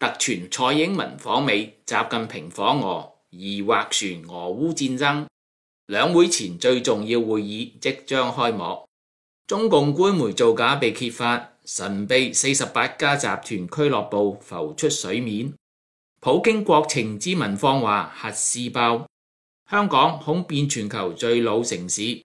突傳蔡英文訪美，習近平訪俄，擬斡旋俄烏戰爭。兩會前最重要會議即將開幕。中共官媒造假被揭發，神秘四十八家集團俱樂部浮出水面。普京國情咨文放話核試爆，香港恐變全球最老城市。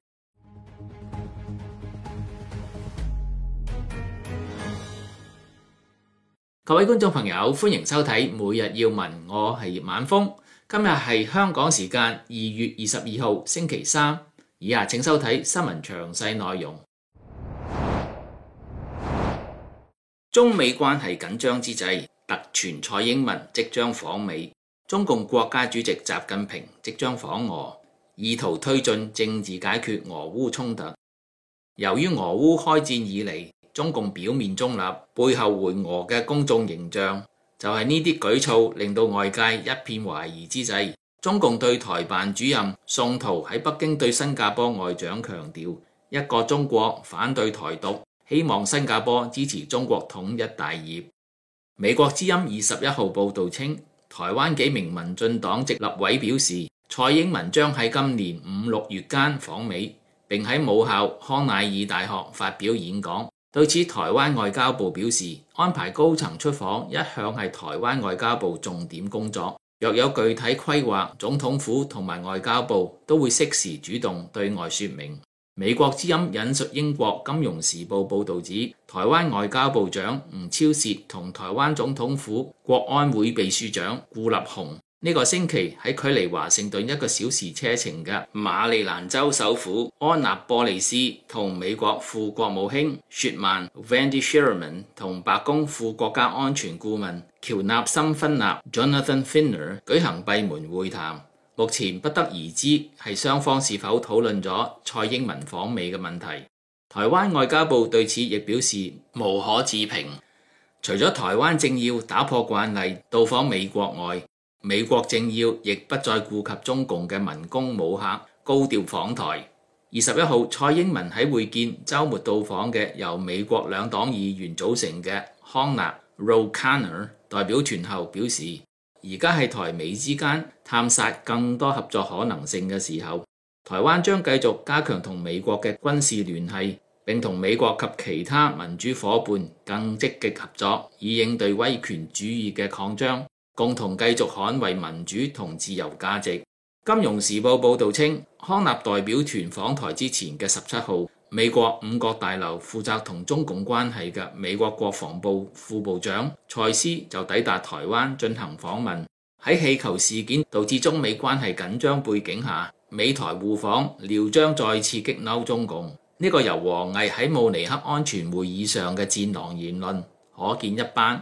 各位觀眾朋友，歡迎收睇《每日要聞》，我係葉晚風。今日係香港時間二月二十二號星期三，以下請收睇新聞詳細內容。中美關係緊張之際，突傳蔡英文即將訪美，中共國家主席習近平即將訪俄，意圖推進政治解決俄烏衝突。由於俄烏開戰以嚟，中共表面中立、背後回俄嘅公眾形象，就係呢啲舉措令到外界一片懷疑之際。中共對台辦主任宋濤喺北京對新加坡外長強調一個中國，反對台獨，希望新加坡支持中國統一大業。美國之音二十一號報導稱，台灣幾名民進黨籍立委表示，蔡英文將喺今年五六月間訪美，並喺母校康乃爾大學發表演講。對此，台灣外交部表示，安排高層出訪一向係台灣外交部重點工作，若有具體規劃，總統府同埋外交部都會適時主動對外說明。美國之音引述英國《金融時報》報導指，台灣外交部長吳釗燮同台灣總統府國安會秘書長顧立雄，呢個星期喺距離華盛頓一個小時車程嘅馬里蘭州首府安納波利斯，同美國副國務卿雪曼 Vandy Sherman 同白宮副國家安全顧問喬納森芬納 Jonathan Finer 舉行閉門會談。目前不得而知係雙方是否討論咗蔡英文訪美嘅問題。台灣外交部對此亦表示無可置評。除咗台灣政要打破慣例到訪美國外，美國政要亦不再顧及中共嘅民工武客，高調訪台。二十一號，蔡英文喺會見週末到訪嘅由美國兩黨議員組成嘅康納羅·卡納代表團後表示，而家係台美之間探索更多合作可能性嘅時候，台灣將繼續加強同美國嘅軍事聯繫，並同美國及其他民主伙伴更積極合作，以應對威權主義嘅擴張。共同繼續捍衞民主同自由價值。金融時報報道稱，康納代表團訪台之前嘅十七號，美國五角大樓負責同中共關係嘅美國國防部副部長蔡斯就抵達台灣進行訪問。喺氣球事件導致中美關係緊張背景下，美台互訪料將再次激嬲中共。呢、這個由王毅喺慕尼黑安全會議上嘅戰狼言論，可見一斑。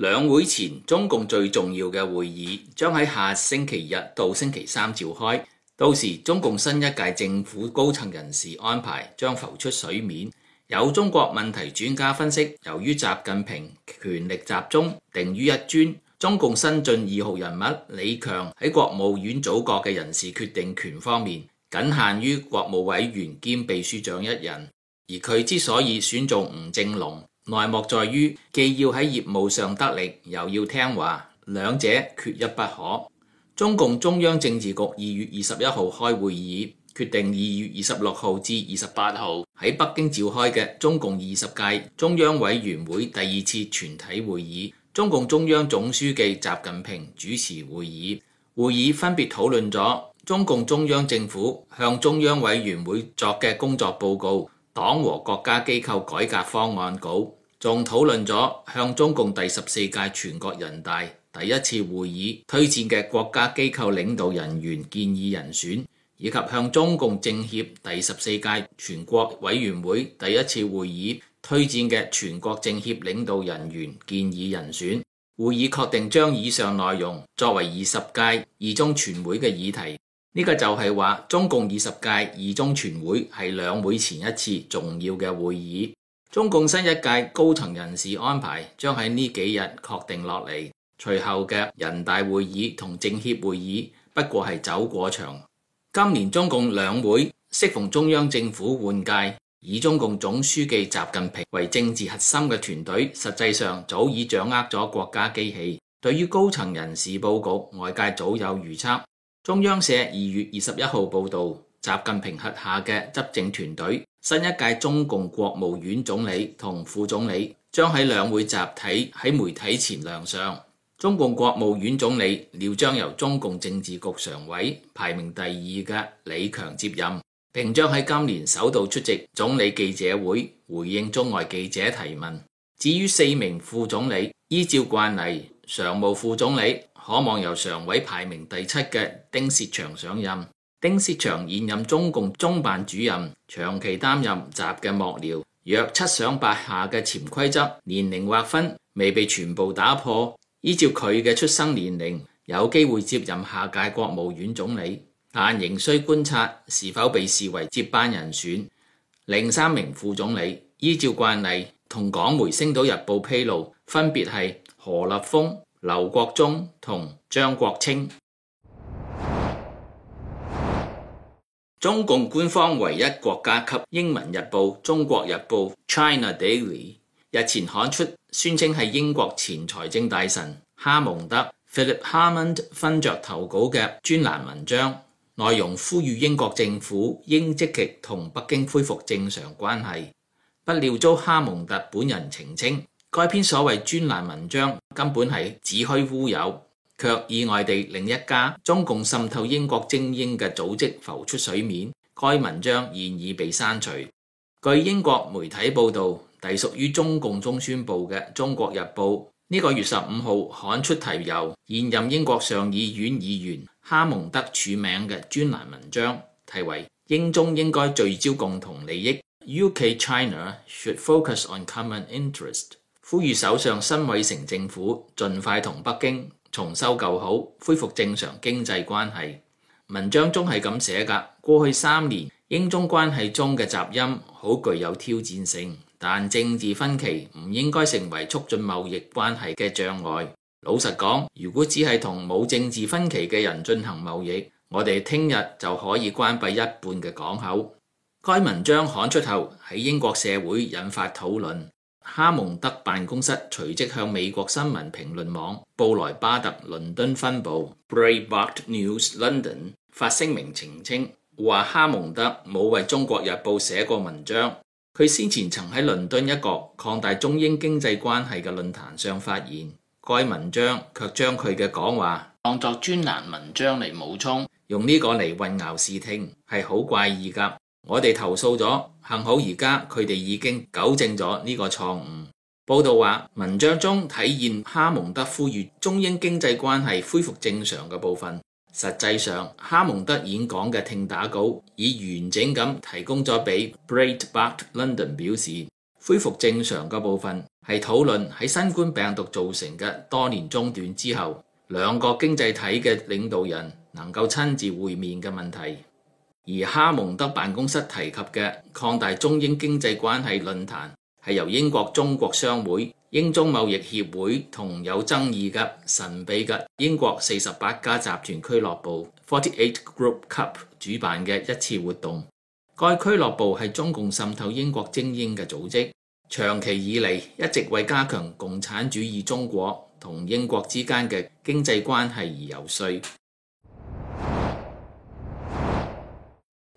兩會前，中共最重要嘅會議將喺下星期日到星期三召開，到時中共新一屆政府高層人士安排將浮出水面。有中國問題專家分析，由於習近平權力集中定於一尊，中共新晉二號人物李強喺國務院組閣嘅人事決定權方面僅限於國務委員兼秘書長一人，而佢之所以選中吳正龍。內幕在於既要喺業務上得力，又要聽話，兩者缺一不可。中共中央政治局二月二十一號開會議，決定二月二十六號至二十八號喺北京召開嘅中共二十屆中央委員會第二次全體會議，中共中央總書記習近平主持會議，會議分別討論咗中共中央政府向中央委員會作嘅工作報告、黨和國家機構改革方案稿。仲討論咗向中共第十四屆全國人大第一次會議推薦嘅國家機構領導人員建議人選，以及向中共政協第十四屆全國委員會第一次會議推薦嘅全國政協領導人員建議人選。會議確定將以上內容作為二十屆二中全會嘅議題。呢個就係話中共二十屆二中全會係兩會前一次重要嘅會議。中共新一屆高層人事安排將喺呢幾日確定落嚟，隨後嘅人大會議同政協會議不過係走過場。今年中共兩會適逢中央政府換屆，以中共總書記習近平為政治核心嘅團隊，實際上早已掌握咗國家機器。對於高層人士報告，外界早有預測。中央社二月二十一號報道，習近平轄下嘅執政團隊。新一屆中共國務院總理同副總理將喺兩會集體喺媒體前亮相。中共國務院總理料將由中共政治局常委排名第二嘅李強接任，並將喺今年首度出席總理記者會，回應中外記者提問。至於四名副總理，依照慣例，常務副總理可望由常委排名第七嘅丁薛祥上任。丁薛祥現任中共中辦主任，長期擔任習嘅幕僚，約七上八下嘅潛規則年齡劃分未被全部打破。依照佢嘅出生年齡，有機會接任下屆國務院總理，但仍需觀察是否被視為接班人選。另三名副總理依照慣例，同港媒《星島日報》披露，分別係何立峰、劉國中同張國清。中共官方唯一國家級英文日報《中國日報》（China Daily） 日前刊出宣稱係英國前財政大臣哈蒙德 （Philip h a r m o n 分着投稿嘅專欄文章，內容呼籲英國政府應積極同北京恢復正常關係。不料遭哈蒙特本人澄清，該篇所謂專欄文章根本係子虛烏有。卻意外地，另一家中共滲透英國精英嘅組織浮出水面。該文章現已被刪除。據英國媒體報導，隸屬於中共中宣部嘅《中國日報》呢、這個月十五號刊出題由現任英國上議院議員哈蒙德署名嘅專欄文章，題為《英中應該聚焦共同利益》（UK-China Should Focus on Common Interest），呼籲首相辛偉誠政府盡快同北京。重修舊好，恢復正常經濟關係。文章中係咁寫噶：過去三年，英中關係中嘅雜音好具有挑戰性，但政治分歧唔應該成為促進貿易關係嘅障礙。老實講，如果只係同冇政治分歧嘅人進行貿易，我哋聽日就可以關閉一半嘅港口。該文章刊出後，喺英國社會引發討論。哈蒙德辦公室隨即向美國新聞評論網布萊巴特倫敦分部 b r e i b a r t News London） 發聲明澄清，話哈蒙德冇為《中國日報》寫過文章。佢先前曾喺倫敦一國擴大中英經濟關係嘅論壇上發言，該文章卻將佢嘅講話當作專欄文章嚟補充，用呢個嚟混淆視聽，係好怪異㗎。我哋投訴咗，幸好而家佢哋已經糾正咗呢個錯誤。報道話，文章中體現哈蒙德呼籲中英經濟關係恢復正常嘅部分，實際上哈蒙德演講嘅聽打稿已完整咁提供咗俾 Breitbart London 表示，恢復正常嘅部分係討論喺新冠病毒造成嘅多年中斷之後，兩國經濟體嘅領導人能夠親自會面嘅問題。而哈蒙德辦公室提及嘅擴大中英經濟關係論壇，係由英國中國商會、英中貿易協會同有爭議嘅神秘嘅英國四十八家集團俱樂部 （Forty Eight Group c u p 主辦嘅一次活動。該俱樂部係中共滲透英國精英嘅組織，長期以嚟一直為加強共產主義中國同英國之間嘅經濟關係而游說。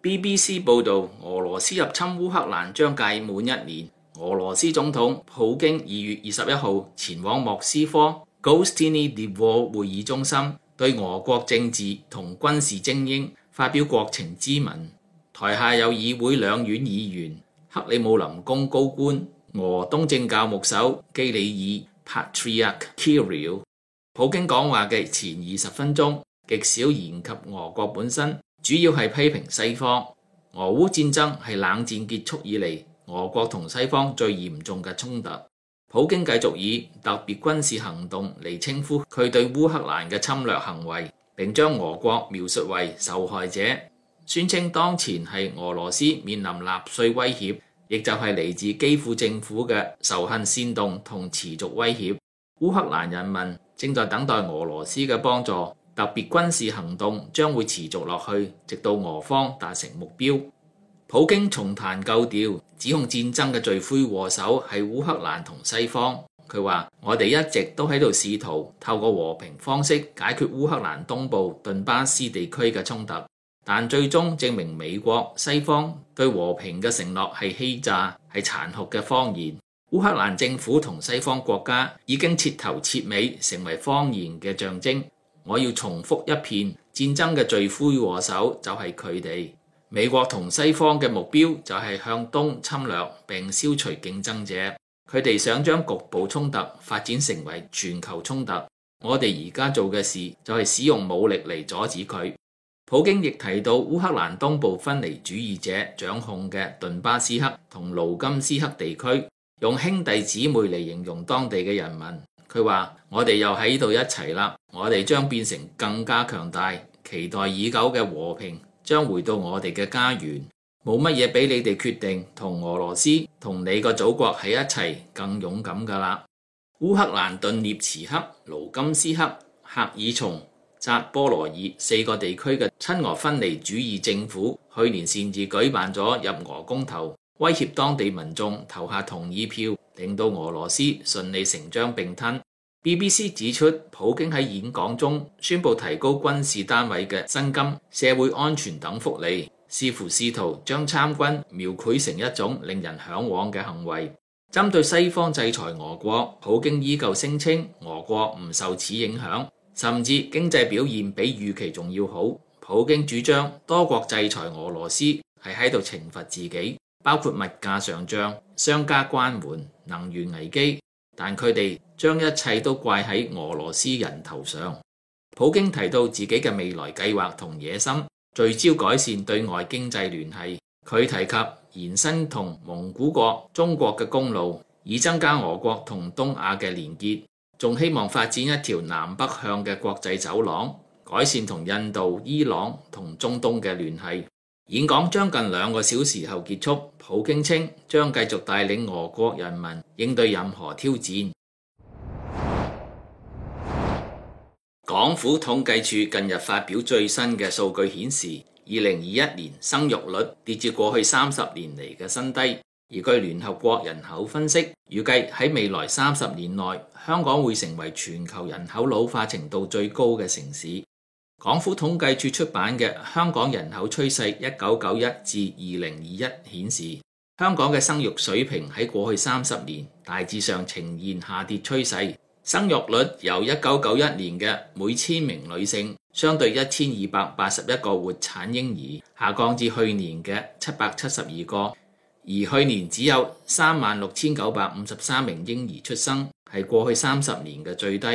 BBC 報道，俄羅斯入侵烏克蘭將屆滿一年。俄羅斯總統普京二月二十一號前往莫斯科 Gostiny Dvor 會議中心，對俄國政治同軍事精英發表國情諮文。台下有議會兩院議員、克里姆林宮高官、俄東正教牧首基里爾 （Patriarch Kirill）。普京講話嘅前二十分鐘極少言及俄國本身。主要係批評西方。俄烏戰爭係冷戰結束以嚟俄國同西方最嚴重嘅衝突。普京繼續以特別軍事行動嚟稱呼佢對烏克蘭嘅侵略行為，並將俄國描述為受害者，宣稱當前係俄羅斯面臨納粹威脅，亦就係嚟自基輔政府嘅仇恨煽動同持續威脅。烏克蘭人民正在等待俄羅斯嘅幫助。特別軍事行動將會持續落去，直到俄方達成目標。普京重彈舊調，指控戰爭嘅罪魁禍首係烏克蘭同西方。佢話：我哋一直都喺度試圖透過和平方式解決烏克蘭東部頓巴斯地區嘅衝突，但最終證明美國西方對和平嘅承諾係欺詐，係殘酷嘅謊言。烏克蘭政府同西方國家已經徹頭徹尾成為謊言嘅象徵。我要重複一遍，戰爭嘅罪魁禍首就係佢哋。美國同西方嘅目標就係向東侵略並消除競爭者。佢哋想將局部衝突發展成為全球衝突。我哋而家做嘅事就係使用武力嚟阻止佢。普京亦提到，烏克蘭東部分離主義者掌控嘅頓巴斯克同盧甘斯克地區，用兄弟姊妹嚟形容當地嘅人民。佢話：我哋又喺度一齊啦，我哋將變成更加強大。期待已久嘅和平將回到我哋嘅家園。冇乜嘢比你哋決定同俄羅斯同你個祖國喺一齊更勇敢㗎啦！烏克蘭頓涅茨克、盧甘斯克、赫爾松、扎波羅爾四個地區嘅親俄分離主義政府去年擅自舉辦咗入俄公投，威脅當地民眾投下同意票。令到俄羅斯順理成章並吞。BBC 指出，普京喺演講中宣布提高軍事單位嘅薪金、社會安全等福利，似乎試圖將參軍描繪成一種令人嚮往嘅行為。針對西方制裁俄國，普京依舊聲稱俄國唔受此影響，甚至經濟表現比預期仲要好。普京主張多國制裁俄羅斯係喺度懲罰自己。包括物價上漲、商家關門、能源危機，但佢哋將一切都怪喺俄羅斯人頭上。普京提到自己嘅未來計劃同野心，聚焦改善對外經濟聯繫。佢提及延伸同蒙古國、中國嘅公路，以增加俄國同東亞嘅連結，仲希望發展一條南北向嘅國際走廊，改善同印度、伊朗同中東嘅聯繫。演講將近兩個小時後結束，普京稱將繼續帶領俄國人民應對任何挑戰。港府統計處近日發表最新嘅數據顯示，二零二一年生育率跌至過去三十年嚟嘅新低，而據聯合國人口分析，預計喺未來三十年內，香港會成為全球人口老化程度最高嘅城市。港府統計處出版嘅《香港人口趨勢一九九一至二零二一）顯示，香港嘅生育水平喺過去三十年大致上呈現下跌趨勢，生育率由一九九一年嘅每千名女性相對百八十一個活產嬰兒下降至去年嘅七百七十二個，而去年只有三六千九百五十三名嬰兒出生，係過去三十年嘅最低。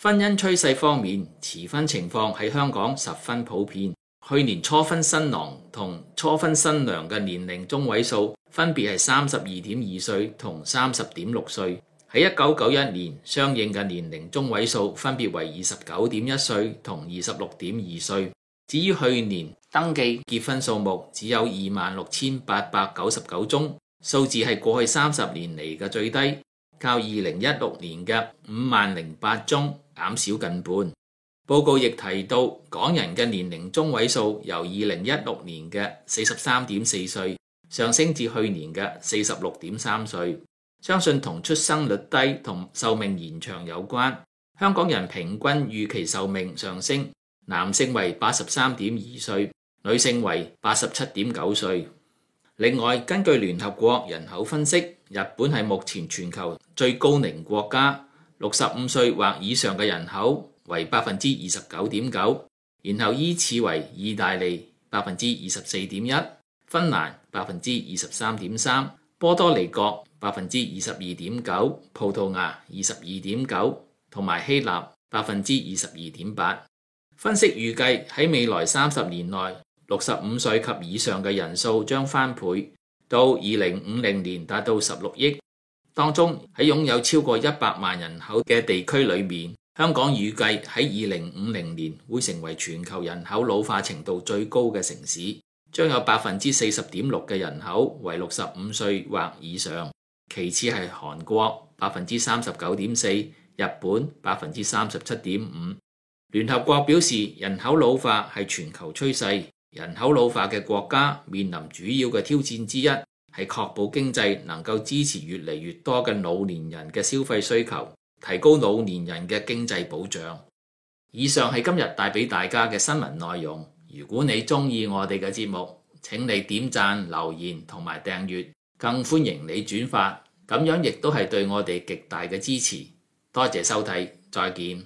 婚姻趨勢方面，遲婚情況喺香港十分普遍。去年初婚新郎同初婚新娘嘅年齡中位數分別係三十二點二歲同三十點六歲。喺一九九一年，相應嘅年齡中位數分別為二十九點一歲同二十六點二歲。至於去年，登記結婚數目只有二萬六千八百九十九宗，數字係過去三十年嚟嘅最低。較二零一六年嘅五萬零八宗減少近半。報告亦提到，港人嘅年齡中位數由二零一六年嘅四十三點四歲上升至去年嘅四十六點三歲，相信同出生率低同壽命延長有關。香港人平均預期壽命上升，男性為八十三點二歲，女性為八十七點九歲。另外，根據聯合國人口分析。日本係目前全球最高齡國家，六十五歲或以上嘅人口為百分之二十九點九。然後依次為意大利百分之二十四點一、芬蘭百分之二十三點三、波多黎各百分之二十二點九、葡萄牙二十二點九同埋希臘百分之二十二點八。分析預計喺未來三十年內，六十五歲及以上嘅人數將翻倍。到二零五零年達到十六億，當中喺擁有超過一百萬人口嘅地區裏面，香港預計喺二零五零年會成為全球人口老化程度最高嘅城市，將有百分之四十點六嘅人口為六十五歲或以上。其次係韓國百分之三十九點四，日本百分之三十七點五。聯合國表示，人口老化係全球趨勢。人口老化嘅國家面臨主要嘅挑戰之一，係確保經濟能夠支持越嚟越多嘅老年人嘅消費需求，提高老年人嘅經濟保障。以上係今日帶俾大家嘅新聞內容。如果你鍾意我哋嘅節目，請你點讚、留言同埋訂閱，更歡迎你轉發。咁樣亦都係對我哋極大嘅支持。多謝收睇，再見。